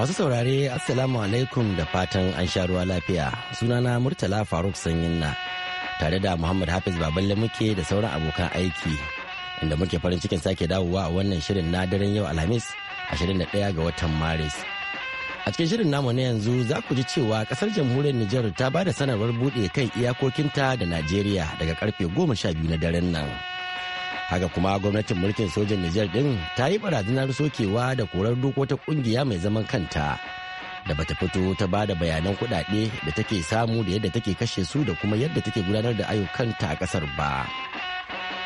Masu saurare Assalamu alaikum da fatan an sha ruwa lafiya sunana Murtala Faruk Sanyinna tare da Muhammad Hafiz Baballe muke da sauran abokan aiki inda muke farin cikin sake dawowa a wannan shirin na daren yau Alhamis 21 ga watan Maris. A cikin shirin namu na yanzu za ku ji cewa kasar jamhuriyar Nijar ta ba da sanarwar buɗe kan iyakokinta da Najeriya daga karfe goma sha biyu na daren nan. haka kuma gwamnatin mulkin sojan nijar din ta yi barazanar sokewa da korar duk wata kungiya mai zaman kanta da bata fito ta ba da bayanan kudade da take samu da yadda take kashe su da kuma yadda take gudanar da ayyukanta a kasar ba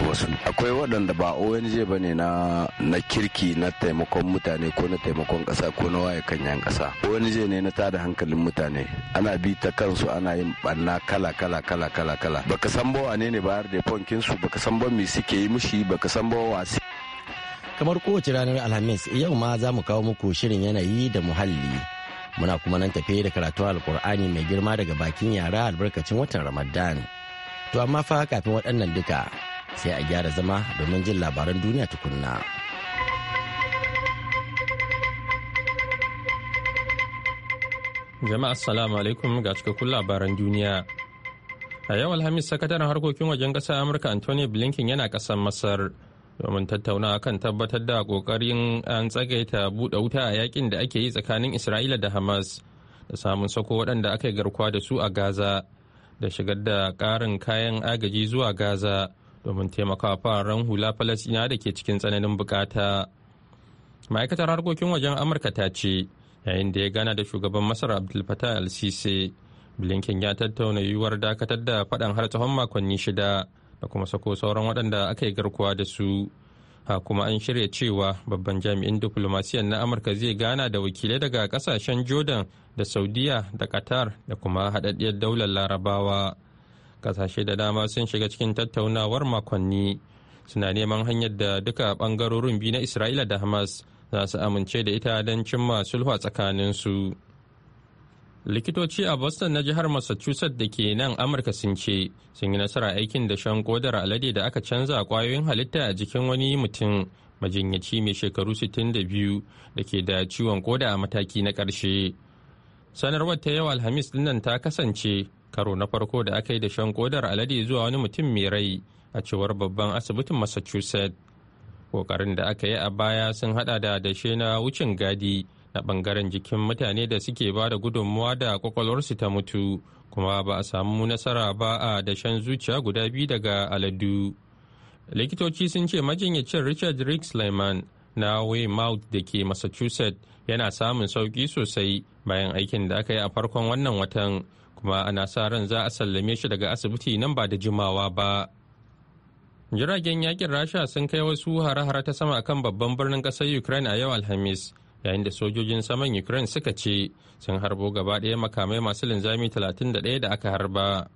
wasu akwai waɗanda ba ONG ba ne na kirki na taimakon mutane ko na taimakon ƙasa ko na waye kan yan ƙasa ONG ne na tada hankalin mutane ana bi ta kansu ana yin ɓanna kala kala kala kala kala baka san ba wane ne bayar da fonkin su baka san ba me suke yi mushi baka san ba wa kamar kowace ranar alhamis yau ma za mu kawo muku shirin yanayi da muhalli muna kuma nan tafe da karatu alkur'ani mai girma daga bakin yara albarkacin watan ramadan to amma fa kafin waɗannan duka sai a gyara zama domin jin labaran duniya tukunna. Jama'a assalamu alaikum ga cikakkun labaran duniya. A yau Alhamis sakataren harkokin wajen ƙasar Amurka Anthony Blinken yana ƙasar Masar domin tattauna kan tabbatar da ƙoƙarin an tsagaita buɗe wuta a yakin da ake yi tsakanin Isra'ila da Hamas da samun sako waɗanda aka yi garkuwa da su a Gaza da shigar da ƙarin kayan agaji zuwa Gaza. domin taimakawa fararen hula falasina da ke cikin tsananin bukata ma'aikatar harkokin wajen amurka ta ce yayin da ya gana da shugaban masar abdul fatah al-sisi blinken ya tattauna yiwuwar dakatar da faɗan har tsawon makonni shida da kuma sako sauran waɗanda aka yi garkuwa da su ha kuma an shirya cewa babban jami'in diplomasiyan na amurka zai gana da wakilai daga kasashen jordan da saudiya da qatar da kuma haɗaɗɗiyar daular larabawa kasashe da dama sun shiga cikin tattaunawar makonni suna neman hanyar da duka bangarorin biyu na isra'ila da hamas za su amince da ita don cimma sulhu a su. likitoci a boston na jihar massachusetts da ke nan amurka sun ce sun yi nasara aikin da shan kodar alade da aka canza kwayoyin halitta a jikin wani mutum majinyaci mai shekaru 62 da ke da ciwon koda a mataki na ƙarshe sanarwar ta yau alhamis dinnan ta kasance karo na farko da aka yi da shan kodar alade zuwa wani mutum mai rai a cewar babban asibitin massachusetts kokarin da aka yi a baya sun hada da dashe na wucin gadi na bangaren jikin mutane da suke ba da gudunmuwa da kwakwalwarsu ta mutu kuma ba a samu nasara ba a dashen zuciya guda biyu daga aladu likitoci sun ce majinyacin richard rick na weymouth da ke massachusetts yana samun sauki sosai bayan aikin da aka yi a farkon wannan watan kuma ana sa ran za a sallame shi daga asibiti nan ba da jimawa ba jiragen yakin rasha sun kai wasu hare-hare ta sama kan babban birnin ƙasar ukraine a yau alhamis yayin da sojojin saman ukraine suka ce sun harbo gaba ɗaya makamai masu linzami 31 da aka harba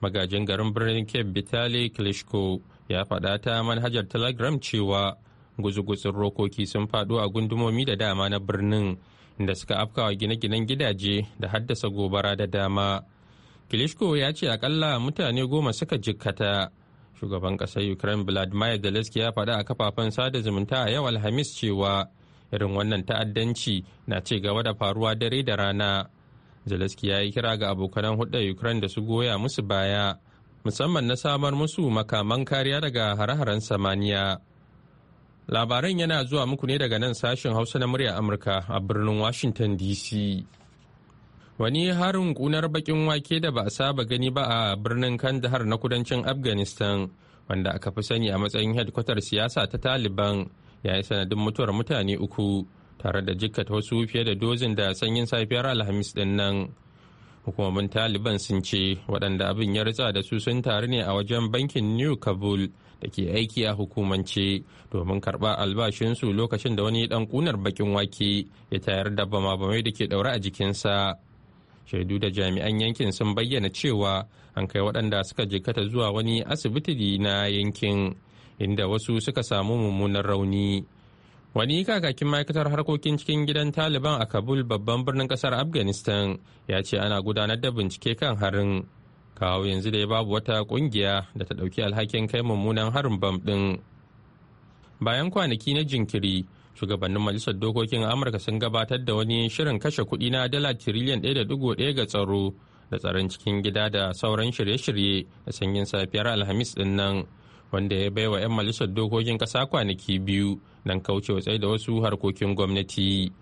magajin garin birnin cape vitali klitschko ya faɗa ta manhajar telegram cewa guzu-guzun rokoki sun faɗo a gundumomi da dama na birnin da suka afkawa gine-ginen gidaje da haddasa gobara da dama kilishko ya ce akalla mutane goma suka jikkata shugaban ƙasar ukraine vladimir zelensky ya faɗa a kafafen sada zumunta a yau alhamis cewa irin wannan ta'addanci na ci gaba da faruwa dare da rana zelensky ya yi kira ga abokanan hudar ukraine da su goya musu baya musamman na samar musu makaman kariya daga hare-haren samaniya Labaran yana zuwa muku ne daga nan sashen Hausa na murya Amurka a birnin Washington DC. Wani harin kunar bakin wake da ba a saba gani ba a birnin Kandahar na kudancin Afghanistan, wanda aka fi sani a matsayin hedkwatar siyasa ta Taliban, ya yi sanadin mutuwar mutane uku, tare da jikkata wasu fiye da dozin da sanyin safiyar Alhamis din nan. hukumomin taliban sun ce waɗanda abin ya ritsa da su sun taru ne a wajen bankin new kabul da ke aiki a hukumance domin karɓa albashinsu lokacin da wani ɗan kunar bakin wake ya tayar da bama-bamai da ke ɗaure a jikinsa shaidu da jami'an yankin sun bayyana cewa an kai waɗanda suka jikata zuwa wani asibiti na yankin inda wasu suka samu mummunan rauni wani kakakin ma'aikatar harkokin cikin gidan taliban a kabul babban birnin kasar afghanistan ya ce ana gudanar da bincike kan harin kawo yanzu da ya babu wata kungiya da ta dauki alhakin kai mummunan harin bam ɗin. bayan kwanaki na jinkiri shugabannin majalisar dokokin amurka sun gabatar da wani shirin kashe kuɗi na dala tiriliyan da ɗaya ga tsaro da tsaron cikin gida da sauran shirye-shirye da sanyin safiyar alhamis din nan wanda ya baiwa 'yan majalisar dokokin ƙasa kwanaki biyu don kaucewa tsaye da wasu harkokin gwamnati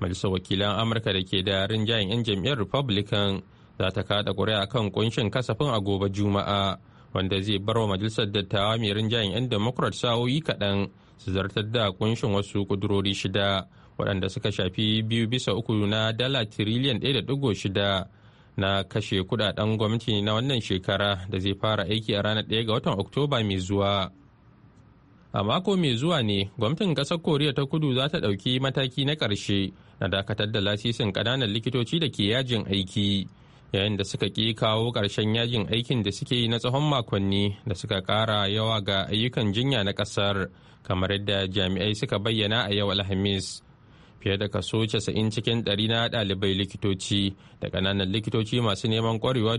majalisar wakilan amurka da ke da rinjayen 'yan jam'iyyar republican za ta kada ƙuri'a kan kunshin kasafin a gobe juma'a wanda zai bar wa majalisar dattawa mai rinjayen 'yan democrat sa'o'i kaɗan su zartar da kunshin wasu kudurori shida waɗanda suka shafi biyu bisa uku na dala tiriliyan ɗaya da shida. na kashe kudaden gwamnati na wannan shekara da zai fara aiki a ranar 1 ga watan oktoba mai zuwa a mako mai zuwa ne gwamnatin kasar koriya ta kudu za ta dauki mataki na karshe na dakatar da lasisin kananan likitoci da ke yajin aiki yayin da suka ki kawo ƙarshen yajin aikin da suke yi na tsawon makonni da suka kara yawa ga ayyukan jinya na kasar kamar yadda jami'ai suka bayyana a yau alhamis fiye da kaso 90 cikin ɗari na ɗalibai likitoci da ƙananan likitoci masu neman ƙwarewa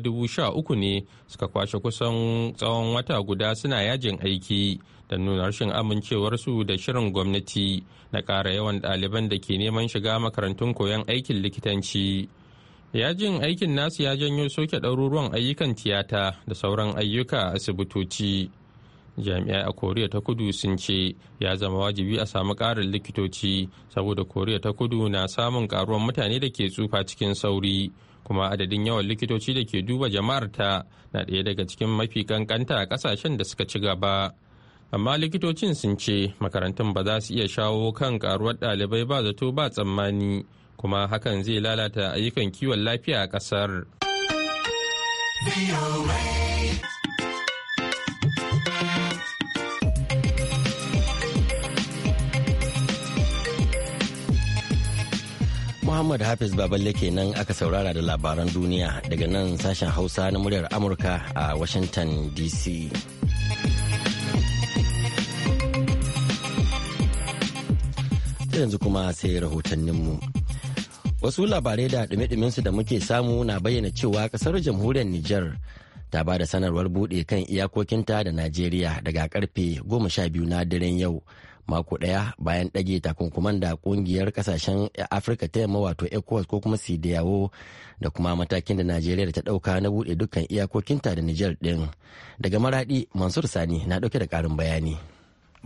uku ne suka kwashe kusan tsawon wata guda suna yajin aiki da nuna rashin amincewarsu da shirin gwamnati na ƙara yawan ɗaliban da ke neman shiga makarantun koyon aikin likitanci. yajin aikin nasu ya janyo soke ɗaruruwan ayyukan tiyata da sauran ayyuka asibitoci. jami'ai a koriya ta kudu sun ce ya zama wajibi a samu ƙarin likitoci saboda koriya ta kudu na samun ƙaruwan mutane da ke tsufa cikin sauri kuma adadin yawan likitoci da ke duba jama'ar ta na ɗaya daga cikin mafi kankanta a ƙasashen da suka ci gaba amma likitocin sun ce makarantun ba za su iya shawo kan ƙaruwar ɗalibai ba zato ba tsammani kuma hakan zai lalata ayyukan kiwon lafiya a ƙasar. Muhammad Hafiz Baballe kenan aka saurara da labaran duniya daga nan sashen Hausa na muryar Amurka a Washington DC. yanzu kuma sai rahotanninmu. Wasu labarai da ɗume su da muke samu na bayyana cewa ƙasar jamhuriyar Nijar ta ba da sanarwar buɗe kan iyakokinta da Najeriya daga karfe 12 na daren yau. mako ɗaya bayan ɗage takunkuman da ƙungiyar ƙasashen afirka ta yamma wato ecowas ko kuma sidiyawo da kuma matakin da najeriya da ta ɗauka na buɗe dukkan iyakokinta da nijar ɗin daga maraɗi mansur sani na ɗauke da ƙarin bayani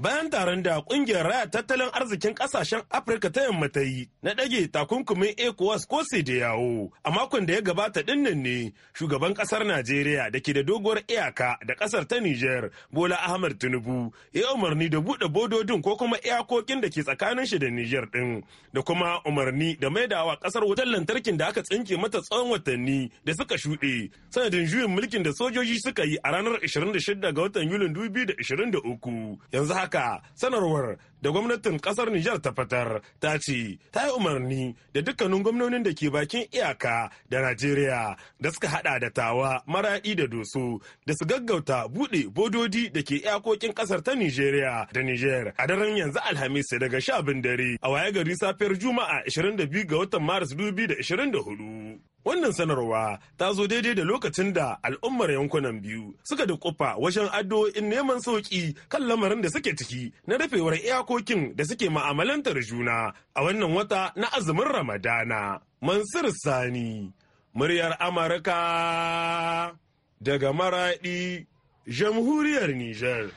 bayan taron da kungiyar raya tattalin arzikin kasashen afirka ta yamma ta yi na ɗage takunkumin ecowas ko da yawo a makon da ya gabata dinnan ne shugaban kasar najeriya da ke da doguwar iyaka da kasar ta niger bola ahmad tinubu ya umarni da buɗe bododin ko kuma iyakokin da ke tsakanin shi da niger ɗin da kuma umarni da maidawa kasar wutar lantarkin da aka tsinke mata tsawon watanni da suka shuɗe sanadin juyin mulkin da sojoji suka yi a ranar 26 ga watan yulin 2023 yanzu haka haka sanarwar da gwamnatin kasar Nijar ta fitar ta ce ta yi umarni da dukkanin gwamnonin da ke bakin iyaka da Najeriya da suka hada da tawa maraɗi da doso da su gaggauta buɗe bododi da ke iyakokin kasar ta Nijeriya da Nijar a daren yanzu Alhamis daga sha bin dare a waye gari safiyar Juma'a 22 ga watan Maris 2024. Wannan sanarwa ta zo daidai da lokacin da al'ummar yankunan biyu suka da kufa wajen addu'o'in neman sauƙi kan lamarin da suke ciki na rufewar iyakokin da suke ma'amalantar juna a wannan wata na azumin Ramadana. Mansur Sani, muryar Amurka daga Maraɗi, jamhuriyar Nijar.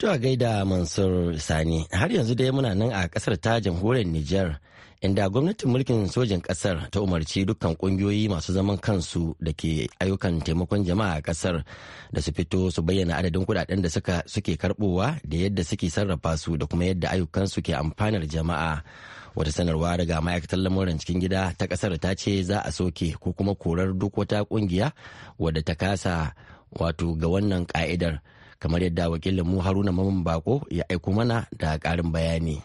To a gaida Mansur Sani har yanzu dai muna nan a kasar ta jamhuriyar Nijar inda gwamnatin mulkin sojin kasar ta umarci dukkan kungiyoyi masu zaman kansu da ke ayyukan taimakon jama'a a kasar da su fito su bayyana adadin kudaden da suka suke karbowa da yadda suke sarrafa su da kuma yadda ayyukan su ke amfanar jama'a. Wata sanarwa daga ma'aikatar lamuran cikin gida ta kasar ta ce za a soke ko kuma korar duk wata kungiya wadda ta kasa wato ga wannan ka'idar. kamar yadda wakilin mu haruna mamman bako ya aiko mana da ƙarin bayani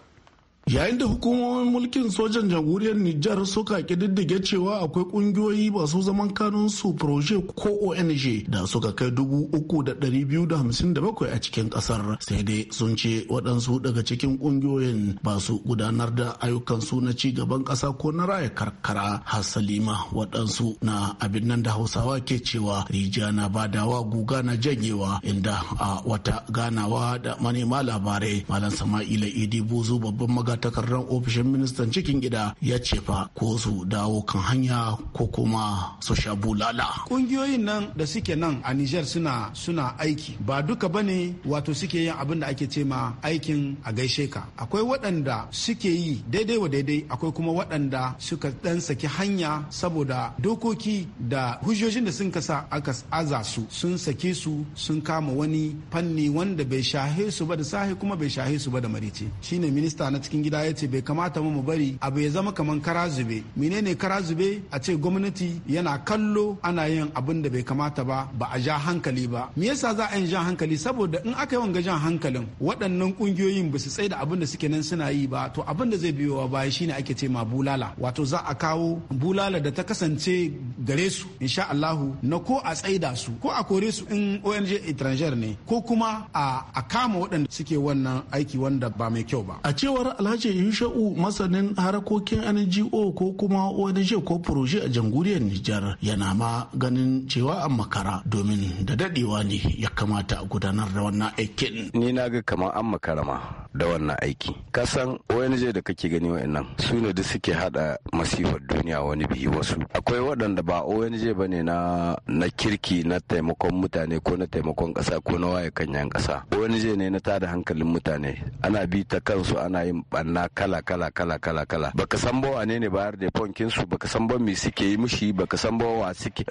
yayin da hukumomin mulkin sojan jamhuriyar Nijar suka kididdige cewa akwai kungiyoyi masu zaman kanun su proje ko ONG da suka kai dubu uku da ɗari biyu da hamsin da bakwai a cikin ƙasar sai dai sun ce waɗansu daga cikin kungiyoyin ba su gudanar da ayyukan su na ci gaban ƙasa ko na raya karkara hasalima waɗansu na abin nan da hausawa ke cewa rijiya na badawa guga na janyewa inda a wata ganawa da manema labarai malam sama'ila idi buzu babban magana takardar ofishin ministan cikin gida ya ce fa ko su dawo kan hanya ko kuma su sha bulala kungiyoyin nan da suke nan a nijar suna suna aiki ba duka bane wato suke yin abin da ake ce ma aikin a gaishe ka akwai waɗanda suke yi daidai wa daidai akwai kuma waɗanda suka ɗan saki hanya saboda dokoki da hujjojin da sun kasa aka aza su sun sake su sun kama wani fanni wanda bai shahe su ba da sahi kuma bai shahe su ba da marice shine minista na cikin gida ya ce bai kamata mu bari abu ya zama kamar kara zube menene kara zube a ce gwamnati yana kallo ana yin abin da bai kamata ba ba a ja hankali ba me yasa za a yin jan hankali saboda in aka yi wanga jan hankalin waɗannan kungiyoyin ba su tsaye da abin da suke nan suna yi ba to abin da zai biyo wa baya shine ake ce ma bulala wato za a kawo bulala da ta kasance gare su insha Allahu na ko a tsaida su ko a kore su in ONG étrangère ne ko kuma a kama waɗanda suke wannan aiki wanda ba mai kyau ba a cewar Alhaji Alhaji sha'u masanin harkokin NGO ko kuma ONG ko proje a jamhuriyar Nijar yana ma ganin cewa an makara domin da dadewa ne ya kamata a gudanar da wannan aikin. Ni na ga kamar an makara ma da wannan aiki. Kasan ONG da kake gani wa'annan su ne da suke hada masifar duniya wani biyu wasu. Akwai waɗanda ba ONG ba ne na kirki na taimakon mutane ko na taimakon ƙasa ko na waye kan ƙasa. ONG ne na tada hankalin mutane. Ana bi ta kansu ana yin na kala kala kala kala kala baka san ba wane ne bayar da fonkin su baka san ba me suke yi mishi baka san ba wa suke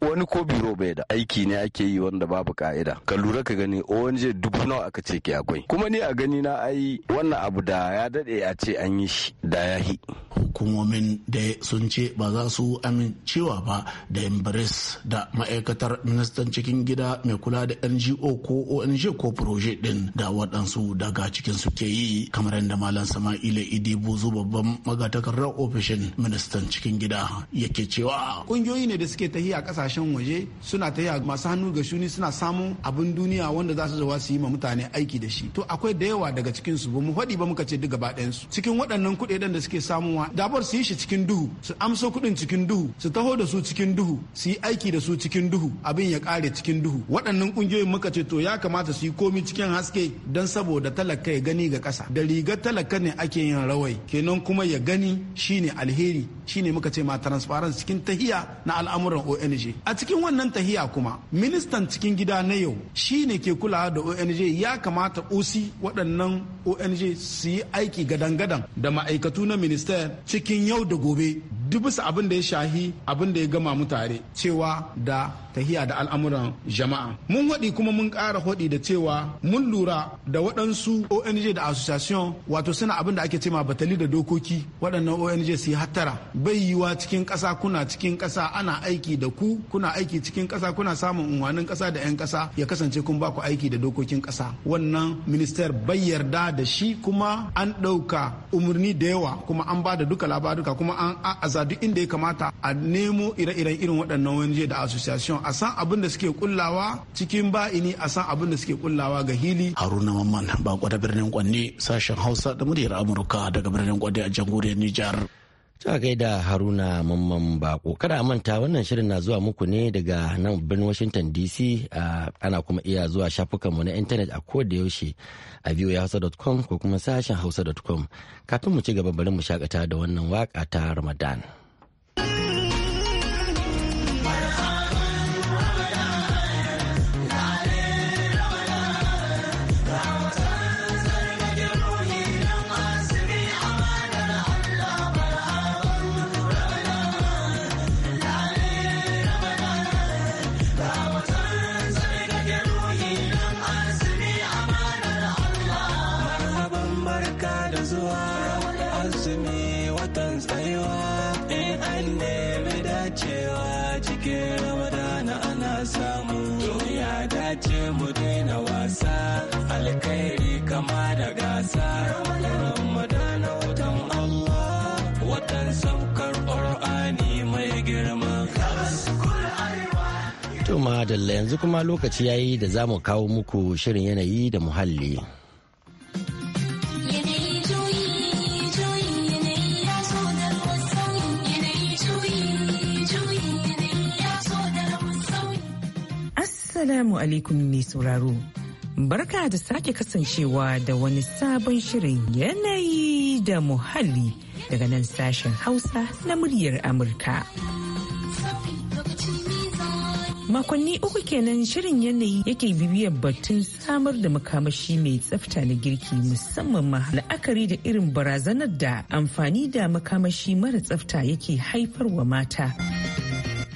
wani ko biro bai da aiki ne ake yi wanda babu ka'ida ka lura ka gani ONG dubu nawa aka ce ke akwai kuma ni a gani na ai wannan abu da ya dade a ce an yi shi da ya hi hukumomin da sun ce ba za su amincewa ba da embrace da ma'aikatar ministan cikin gida mai kula da ngo ko ong ko proje din da waɗansu daga cikin su ke yi kamar yadda malam sama'ila idi buzu babban magatakarar ofishin ministan cikin gida yake cewa ƙungiyoyi ne da suke a kasashen waje suna a masu hannu ga shuni suna samun abin duniya wanda za su zawa su yi ma mutane aiki da shi to akwai da yawa daga cikin su ba mu faɗi ba muka ce duk gaba ɗayan cikin waɗannan kuɗaɗen da suke samuwa dabar su yi shi cikin duhu su amsa kuɗin cikin duhu su taho da su cikin duhu su yi aiki da su cikin duhu abin ya kare cikin duhu waɗannan ƙungiyoyin muka ce to ya kamata su yi komi cikin haske don saboda talaka ya gani ga ƙasa da rigar talaka ne ake yin rawai kenan kuma ya gani shine alheri shine muka ce ma transparency cikin tahiya na al'amuran ONG a cikin wannan tahiya kuma ministan cikin gida na yau shine ke kulawa da ONG ya kamata OC waɗannan ONG su yi aiki gadan-gadan da ma'aikatu na minister cikin yau da gobe dubusa abin da ya shahi abin da ya gama mutare cewa da tahiya da al'amuran jama'a mun haɗi kuma mun kara haɗi da cewa mun lura da waɗansu ONG da association wato suna abin da ake cema batali da dokoki waɗannan ONG su yi hattara bai yiwa cikin ƙasa kuna cikin ƙasa ana aiki da ku kuna aiki cikin ƙasa kuna samun unwanin ƙasa da 'yan ƙasa ya kasance kun ba ku aiki da dokokin ƙasa wannan minister bai yarda da shi kuma an ɗauka umarni da yawa kuma an ba da duka labaruka kuma an ƙasa duk inda ya kamata a nemo ire-iren irin waɗannan ONG da association a san abin da suke kullawa cikin ba'ini a san abin da suke kullawa ga hili. Haruna Mamman ba birnin Kwanne sashen Hausa da muryar Amurka daga birnin Kwanne a jamhuriyar Nijar. ta da haruna mamman bako kada a manta wannan shirin na zuwa muku ne daga nan birnin washington dc ana kuma iya zuwa shafukanmu na intanet a ko da yaushe a voahausa.com ko kuma sashen hausa.com kafin mu ci gaba bari mu shakata da wannan waka ta ramadan Madalla yanzu kuma lokaci ya yi da zamu kawo muku shirin yanayi da muhalli. Assalamu alaikum mai sauraro. Barka da sake kasancewa da wani sabon shirin yanayi da muhalli daga nan sashen Hausa na muryar Amurka. makonni uku kenan shirin yanayi yake bibiyar batun samar da makamashi mai tsafta na girki musamman ma la'akari da irin barazanar da amfani da makamashi mara tsafta yake haifarwa mata.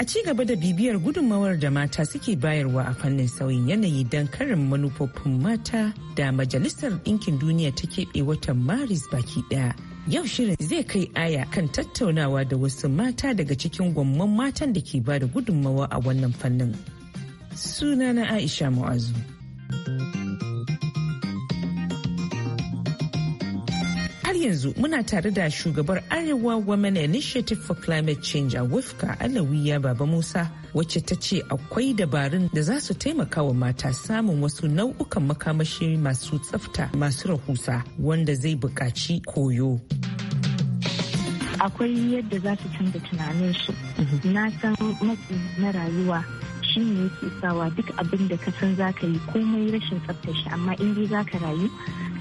a ci gaba da bibiyar gudunmawar da mata suke bayarwa a fannin sauyin yanayi don karin manufofin mata da majalisar ɗinkin duniya ta keɓe watan maris baki ɗaya yau shirin zai kai aya kan tattaunawa da wasu mata daga cikin gwamman matan da ke ba da gudunmawa a wannan fannin sunana aisha mu'azu. yanzu muna tare da shugabar Arewa Women Initiative for Climate Change a Wifka Alawiya Baba Musa wacce ta ce akwai dabarun da za su taimaka wa mata samun wasu nau'ukan makamashi masu tsafta masu rahusa wanda zai bukaci koyo. Akwai yadda za su canza su mhm. Na san matsi na rayuwa shi ne yake sawa duk abin da ka san za ka yi komai rashin tsaftace amma in dai za ka rayu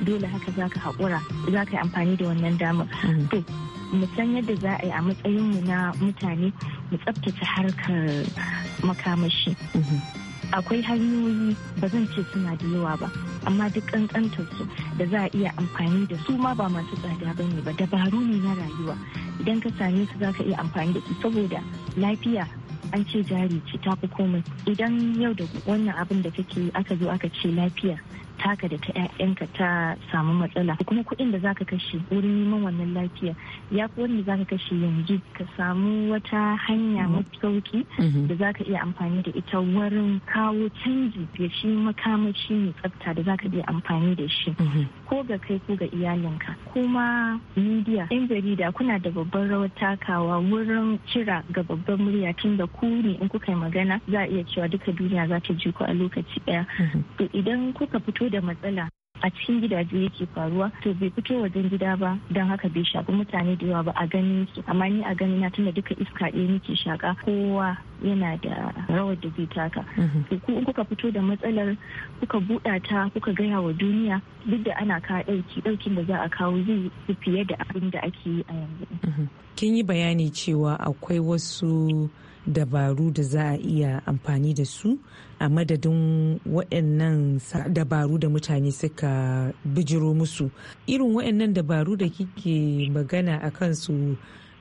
dole haka za ka haƙura za ka yi amfani da wannan damar mm. to mu san yadda za a yi a matsayinmu na mutane mu tsabtace harkar makamashi mm-hmm. akwai hanyoyi ba zan ce suna da yawa ba amma duk ƙanƙantar su da za a iya amfani da su ma ba masu tsada ba ne ba dabaru ne na rayuwa idan ka same su za ka iya amfani da su saboda lafiya an ce jari ce ta fi komai idan yau da wannan abin da kake aka zo aka ce lafiya taka da ta 'ya'yanka ta samu matsala kuma kuɗin da zaka kashe wurin neman wannan lafiya ya fi wanda zaka kashe yanzu ka samu wata hanya mafi sauki mhm. da zaka iya amfani da ita wurin kawo canji ya shi makamashi mai tsafta da zaka iya amfani da shi mhm. ko ga kai ko ga iyalinka kuma media yan jarida kuna da babban rawar takawa wurin cira ga babban murya tunda da ku ne in kuka yi magana za a iya cewa duka duniya za ta ji ku a lokaci ɗaya mhm. to idan kuka fito fito da matsala a cikin gidaje yake faruwa to bai fito wajen gida ba don haka bai shafi mutane da yawa ba a ganin su amma ni a gani na tunda duka iska ɗaya nake shaka kowa yana da rawar da zai taka mhm. ku in kuka fito da matsalar kuka buɗa ta kuka gaya wa duniya duk da ana ka ɗauki ɗaukin da za a kawo zai fiye da abin da ake yi a yanzu mhm. kin yi bayani cewa akwai wasu dabaru da za a iya amfani da su a madadin waɗannan dabaru da mutane suka bijiro musu irin waɗannan dabaru da kike magana a kansu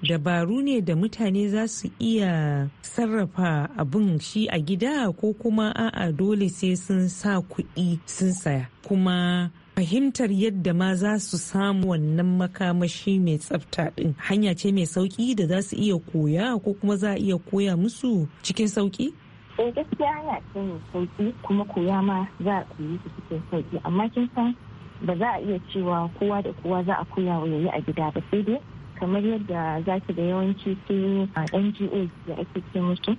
dabaru ne da mutane za su iya sarrafa abin shi a gida ko kuma a'a dole sai sun sa kuɗi sun saya kuma fahimtar yadda ma za su samu wannan makamashi mai tsafta din hanya ce mai sauki da za su iya koya ko kuma za a iya koya musu cikin sauki? eh gaskiya hanya ce mai sauki kuma koya ma za a koyi su cikin sauki amma kin san ba za a iya cewa kowa da kowa za a koya wa yayi a gida ba sai dai kamar yadda za da yawanci su ngo da ake ce musu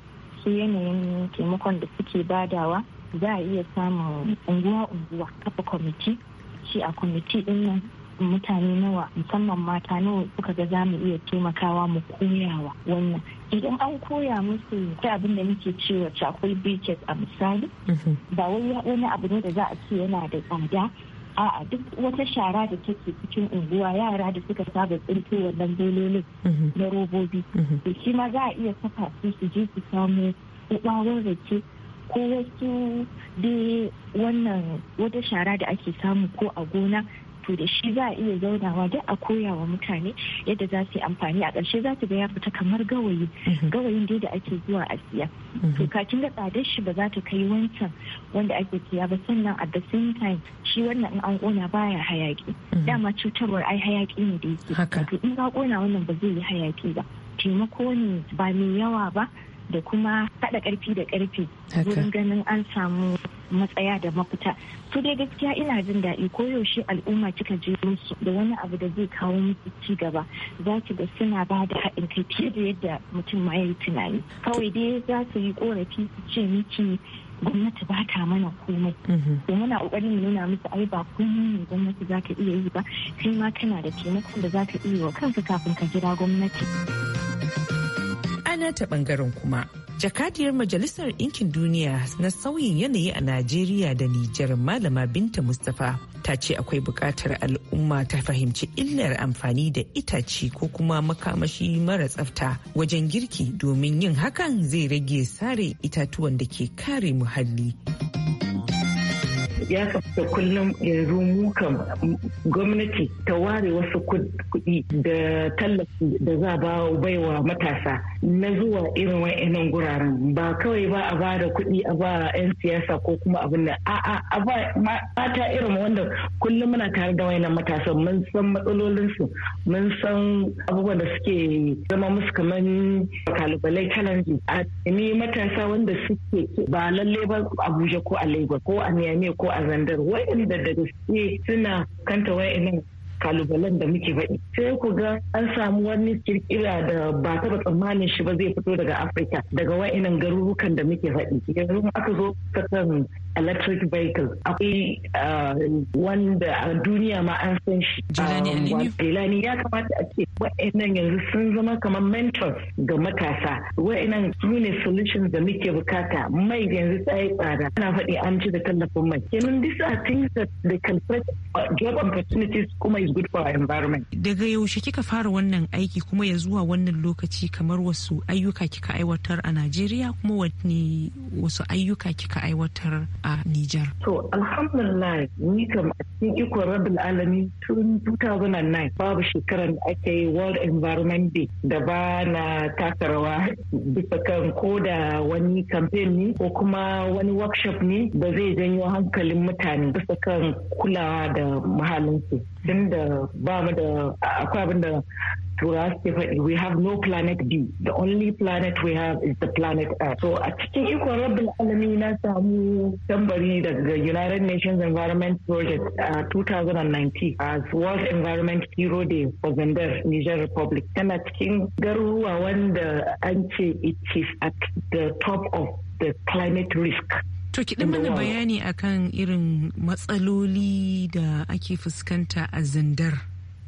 su yanayin taimakon da suke badawa za a iya samun unguwa unguwa kafa kwamiti shi a kwamiti din nan mutane nawa musamman mata nawa suka ga za mu iya taimakawa mu koyawa wannan idan an koya musu ta abin da muke cewa cakul beaches a misali mm-hmm. ba wai wani abu ne da za a ce yana da tsada a'a duk wata shara da take cikin unguwa yara da suka saba tsinto wannan bololin mhm. na robobi mhm. to shi ma za a iya saka su su je su samu ubawar rake ko wasu dai wannan wata shara da ake samu ko a gona to da shi za a iya zaunawa da a koya wa mutane yadda za su yi amfani a ƙarshe za su ga ya fita kamar gawayi mhm. gawayin dai da ake zuwa a siya mhm. to kakin da tsadar shi ba za ta kai wancan wanda ake siya ba sannan at the same time shi wannan in an kona baya hayaki mhm. dama cutarwar ai hayaki ne da yake to in ka kona wannan ba zai yi hayaki ba taimako ne ba mai yawa ba da kuma haɗa ƙarfi da ƙarfi wurin ganin an samu matsaya da mafita su dai gaskiya ina jin daɗi koyaushe al'umma kika je musu da wani abu da zai kawo musu ci gaba za ki ga suna ba da haɗin kai fiye da yadda mutum ma ya yi tunani kawai dai za su yi korafi su ce miki gwamnati ba ta mana komai da mhm. muna kokarin mu nuna musu ai ba komai ne gwamnati za ka iya yi ba kai ma kana da taimakon da za ka iya wa kanka kafin ka jira gwamnati. rana ta bangaren kuma jakadiyar majalisar ɗinkin duniya na sauyin yanayi a najeriya da nijar malama binta mustapha ta ce akwai buƙatar al'umma ta fahimci illar amfani da itace ko kuma makamashi mara tsafta wajen girki domin yin hakan zai rage sare itatuwan da ke kare muhalli ya kamata kullum yanzu mu kan gwamnati ta ware wasu kuɗi da tallafi da za a baiwa matasa na zuwa irin wa'annan guraren ba kawai ba a ba da kuɗi a ba 'yan siyasa ko kuma abin da a'a a ba mata irin wanda kullum muna tare da wayannan matasa mun san matsalolinsu mun san abubuwan da suke zama musu kamar kalubalai challenge a ni matasa wanda suke ba lalle ba Abuja ko a Lagos ko a miami ko a a zandar waɗanda da gaske suna kanta wayannan kalubalen da muke faɗi sai ku ga an samu wani kirkira da ba taba tsammanin shi ba zai fito daga afirka daga wa'inan garurukan da muke faɗi yanzu aka zo kan electric vehicle akwai uh, wanda a duniya ma an san shi jelani um, ya kamata a ce wa'annan yanzu sun zama kamar mentors ga matasa wa'annan su ne solutions da muke bukata mai yanzu tsaye tsada ana faɗi an ci da tallafin mai kenan these are things that they can uh, job opportunities kuma is good for our environment daga yaushe kika fara wannan aiki kuma ya zuwa wannan lokaci kamar wasu ayyuka kika aiwatar a Najeriya kuma wani wasu ayyuka kika aiwatar a Nijar? To alhamdulillah ni kam a cikin ikon rabin alami tun 2009 babu shekarar da aka yi World Environment Day da ba na taka rawa bisa kan ko da wani campaign ne ko kuma wani workshop ne da zai janyo hankalin mutane bisa kan kulawa da muhallinsu. Tun da ba mu da akwai abin da turawa suke faɗi we have no planet B the only planet we have is the planet Earth so a cikin ikon rabin alami na samu tambari daga United Nations Environment Project a 2019 as World Environment Hero Day for Zandar Niger Republic tana cikin garuruwa wanda an ce it is at the top of the climate risk To kiɗan mana bayani akan irin matsaloli da ake fuskanta a zandar.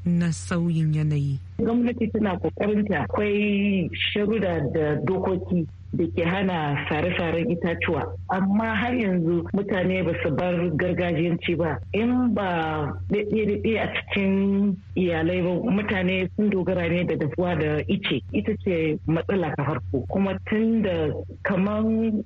na sauyin yanayi. Gwamnati tana ta akwai sharuda da dokoki da ke hana sare-saren itatuwa amma har yanzu mutane ba su bar gargajiyanci ba in ba daidai a cikin iyalai ba mutane sun dogara ne da dafuwa da ice ita ce matsala ta farko kuma tun da kamar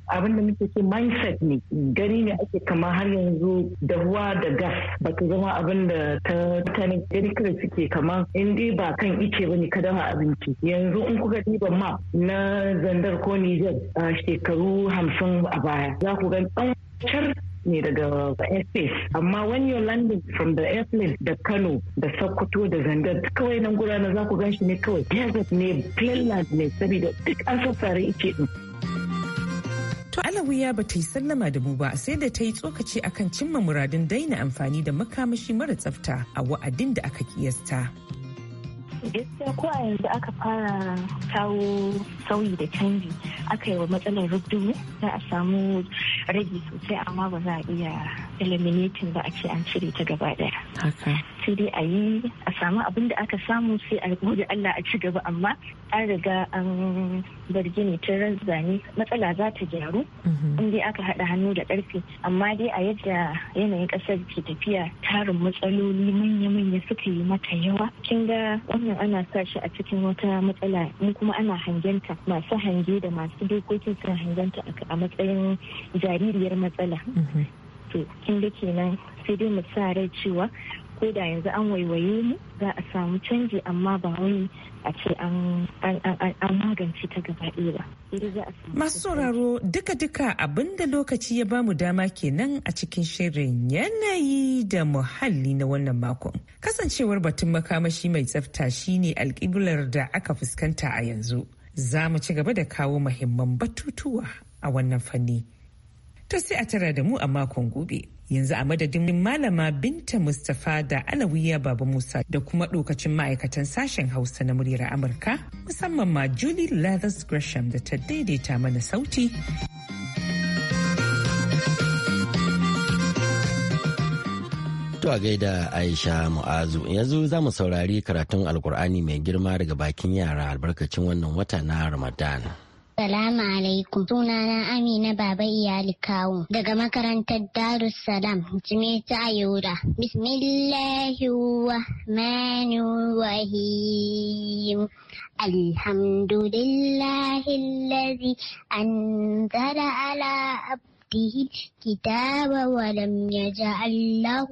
abinda muke ce mindset ne gani ne ake kama har yanzu dahuwa da gas ba ta zama abin da ta mutane gani kada suke kama. in dai ba kan ice ba ne ka dafa abinci yanzu in kuka diba map na zandar ko ne a shekaru hamsin a baya za ku ga ɗan ne daga airspace amma when you landing from the airplane da kano da sokoto da zangar kawai nan gudanar za ku gan shi ne kawai desert ne plainland ne saboda duk an sassare ike din To Alawiya ba ta yi sallama da mu ba sai da ta yi tsokaci akan cimma muradin daina amfani da makamashi mara tsafta a wa'adin da aka kiyasta. Gaskiya ko a yanzu aka fara kawo sauyi da canji aka yi wa matsalar rubdu za a samu rage sosai amma ba za a iya eliminating ba a ce an cire ta gaba daya sai dai a yi a samu abin da aka samu sai a gode Allah a ci gaba amma an riga an bargi ne ta zane matsala za ta gyaru mhm. in dai aka haɗa hannu da ƙarfi amma dai a yadda yanayin ƙasar ke tafiya tarin matsaloli manya-manya suka yi mata yawa kin ga wannan ana sa shi a cikin wata matsala in kuma ana hangenta haka masu hange da masu dokokin sun hanganta a matsayin jaririyar matsala mm-hmm. to kin da kenan sai dai mu sa rai cewa ko da yanzu an waiwaye mu za a samu canji amma ba wani a ce an magance ta gaba ba. Masu sauraro duka-duka abinda lokaci ya ba mu dama kenan a cikin shirin yanayi da muhalli na wannan makon. Kasancewar batun makamashi mai tsafta shine alƙiblar da aka fuskanta a yanzu. za mu ci gaba da kawo mahimman batutuwa a wannan fanni. Ta sai a tara da mu a makon gobe. Yanzu a madadin malama Binta Mustapha da Alawiya Baba Musa da kuma ɗokacin ma'aikatan sashen Hausa na muryar Amurka, musamman ma Julie Lathers Gresham da ta daidaita mana sauti. To a gaida Aisha Mu'azu yanzu za mu saurari karatun Alkur'ani mai girma daga bakin yara albarkacin wannan wata na Ramadan. Salamu alaikum sunana Amina Baba Iyali Kawo daga makarantar Darussalam Jimeta wa Bismillahirrahmanirrahim. Alhamdulillahi allazi anzara ala ربه الكتاب ولم يجعل له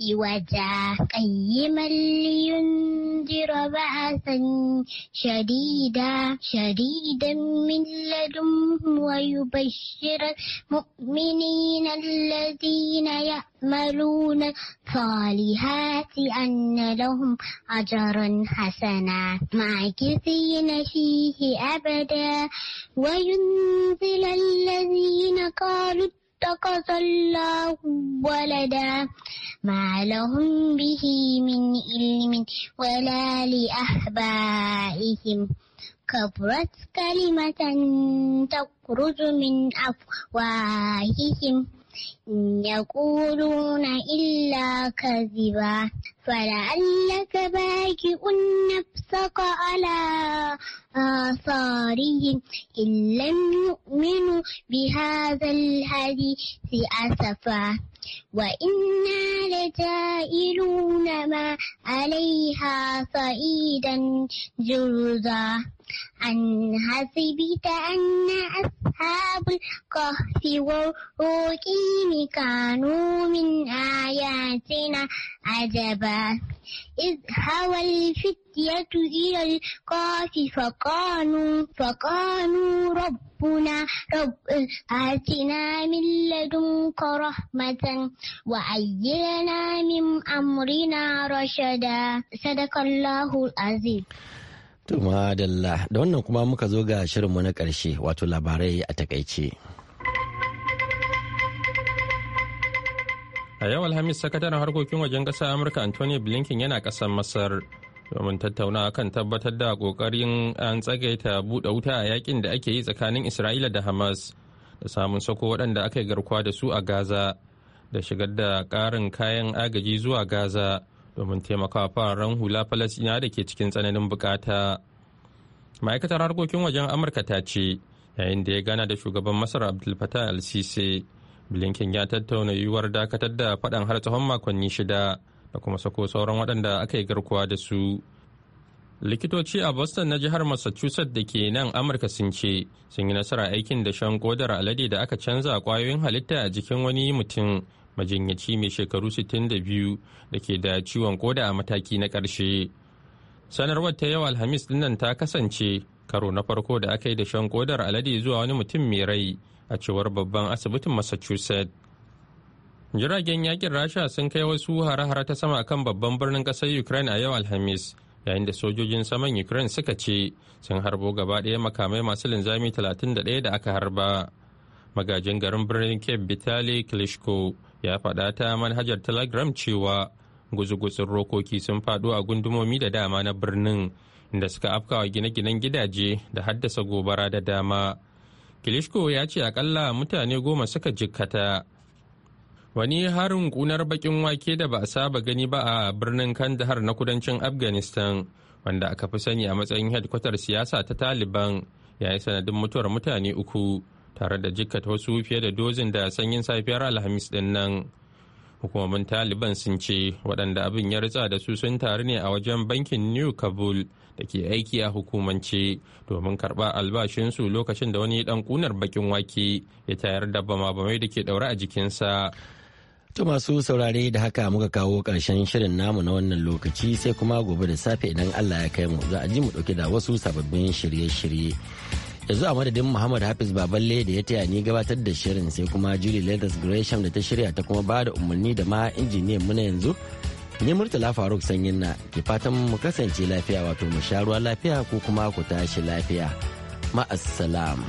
عوجا قيما لينذر بأسا شديدا شديدا من لدنه ويبشر المؤمنين الذين يأملون الصالحات أن لهم أجرا حسنا ماكثين فيه أبدا وينزل الذين قالوا اتخذ الله ولدا ما لهم به من علم ولا لأحبائهم كبرت كلمة تخرج من أفواههم يقولون إلا كذبا فلعلك باكئ نفسك على آثارهم إن لم يؤمنوا بهذا الحديث أسفا وإنا لجائلون ما عليها صعيدا جرذا عن حسبت أن أصحاب الكهف والرقيم كانوا من آياتنا عجبا إذ هوى الفتية إلى القهف فقالوا فقالوا ربنا رب آتنا من لدنك رحمة وعجلنا من أمرنا رشدا صدق الله العظيم Tuma Dalla, da wannan kuma muka zo ga shirinmu na ƙarshe wato labarai a takaice. A yau Alhamis sakataren harkokin wajen ƙasa Amurka Anthony Blinken yana ƙasar Masar domin tattauna kan tabbatar da ƙoƙarin an tsagaita buɗe wuta a yakin da ake yi tsakanin Isra'ila da Hamas da samun sako waɗanda aka yi garkuwa da su a Gaza da shigar da ƙarin kayan agaji zuwa Gaza. domin taimakawa fararen hula falasina da ke cikin tsananin bukata ma'aikatar harkokin wajen amurka ta ce yayin da ya gana da shugaban masar abdul fatah al-sisi blinken ya tattauna yiwuwar dakatar da faɗan har tsawon makonni shida da kuma sako sauran waɗanda aka yi garkuwa da su likitoci a boston na jihar massachusetts da ke nan amurka sun ce sun yi nasara aikin da shan kodar alade da aka canza kwayoyin halitta a jikin wani mutum majinyaci mai shekaru 62 da ke da ciwon koda a mataki na ƙarshe sanarwar ta yau alhamis dinnan ta kasance karo na farko da aka yi da shan kodar alade zuwa wani mutum mai rai a cewar babban asibitin massachusetts jiragen yakin rasha sun kai wasu hare-hare ta sama kan babban birnin ƙasar ukraine a yau alhamis yayin da sojojin saman ukraine suka ce sun harbo gaba ɗaya makamai masu linzami 31 da aka harba magajin garin birnin cape vitali klitschko ya faɗa ta manhajar telegram cewa guzugutsun rokoki sun faɗo a gundumomi da dama na birnin da suka afkawa gine-ginen gidaje da haddasa gobara da dama kilishko ya ce akalla mutane goma suka jikkata wani harin kunar bakin wake da ba a saba gani ba a birnin kandahar na kudancin afghanistan wanda aka fi sani a matsayin hedkwatar siyasa ta taliban ya yi sanadin mutuwar mutane uku tare da jikkata wasu fiye da dozin da sanyin safiyar alhamis din nan hukumomin taliban sun ce waɗanda abin ya ritsa da su sun taru ne a wajen bankin new kabul da ke aiki a hukumance domin karɓa albashinsu lokacin da wani ɗan kunar bakin wake ya tayar da bama-bamai da ke ɗaure a jikinsa To masu saurare da haka muka kawo ƙarshen shirin namu na wannan lokaci sai kuma gobe da safe idan Allah ya kai mu za a ji mu ɗauki da wasu sababbin shirye-shirye. yanzu a madadin muhammad hafiz baballe da ya taya ni gabatar da shirin sai kuma julie leathers gresham da ta shirya ta kuma ba da umarni da ma injiniyan muna yanzu ne murtala faruk sanyin na ke fatan mu kasance lafiya wato mu sha ruwa lafiya ko kuma ku tashi lafiya ma'assalam.